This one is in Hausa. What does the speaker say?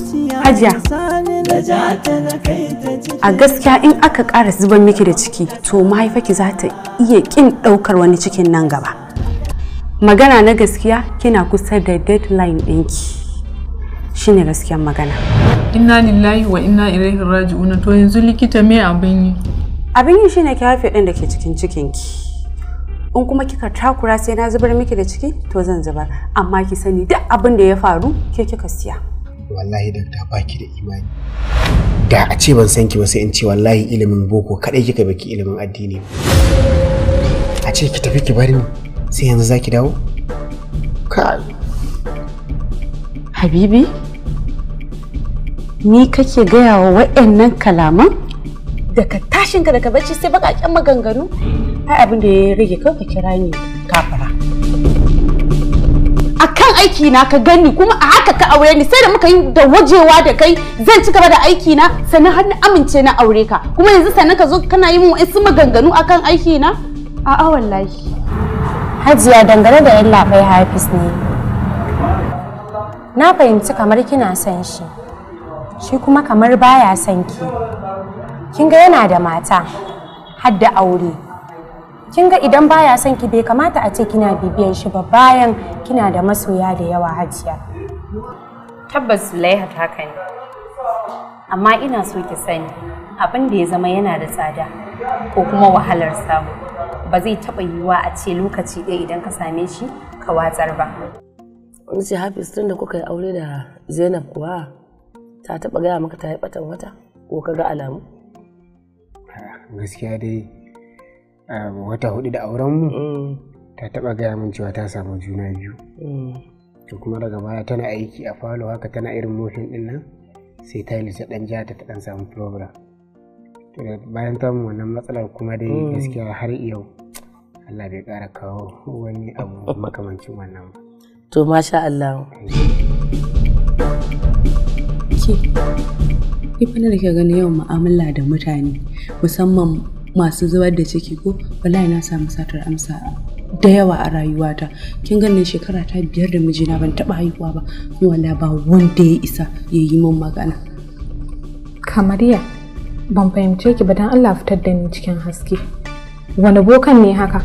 Hajiya. A gaskiya in aka ƙara zuban miki da ciki to mahaifaki za ta iya ƙin ɗaukar wani cikin nan gaba. Magana na gaskiya kina kusa da deadline ɗinki. Shi ne magana. Inna lillahi wa inna ilaihi raji'una to yanzu likita me abin yi? Abin yi shine ki haife ɗin da ke cikin cikinki. in kuma kika takura sai na zubar miki da ciki to zan zubar amma ki sani duk abin da ya faru ke kika siya wallahi dakta baki da imani da a ce ban san ki ba sai in ce wallahi ilimin boko kadai kika baki ilimin addini a ce ki tafi ki bari ni sai yanzu za dawo kai habibi ni kake gaya wa waɗannan kalaman daga ka daga bacci sai bakaƙen maganganu ai abin da ya rage kawai ka kira ni kafara kan aiki na ka gani kuma a haka ka aure ni sai da muka yi da wajewa da kai zan ci gaba da aiki na sannan har na amince na aure ka kuma yanzu sannan ka zo kana yi min wasu maganganu akan aiki na a'a wallahi hajiya dangane da yan labai hafis ne na fahimci kamar kina son shi shi kuma kamar baya son ki kin ga yana da mata har da aure kin ga idan baya son ki bai kamata a ce kina bibiyan shi ba bayan kina da masoya da yawa hajiya tabbas zulaiha ta haka ne amma ina so ki sani abin da ya zama yana da tsada ko kuma wahalar samu ba zai taɓa yiwuwa a ce lokaci ɗaya idan ka same shi ka watsar ba wani ce hafiz tun da kuka yi aure da zainab kuwa ta taba gaya maka ta yi batan wata ko ka ga alamu gaskiya dai wata hudu da auren mu mm. ta taba gaya min cewa ta samu juna biyu mm. to kuma daga baya tana aiki a falo haka tana irin motion din nan sai ta lisa dan jata ta dan samu program. to bayan ta mu wannan matsalar kuma dai mm. gaskiya har yau Allah bai kara kawo wani abu makamancin wannan ba to masha Allah ki ifa da ke gani yawan mu'amala da mutane musamman masu zubar da ciki ko wallahi na samu satar amsa da yawa a rayuwata kin ganin shekara ta biyar da mijina ban taba haihuwa ba kuma wallahi ba wanda ya isa ya yi min magana kamariya ban fahimce ki ba dan Allah fitar da ni cikin haske wani bokan ne haka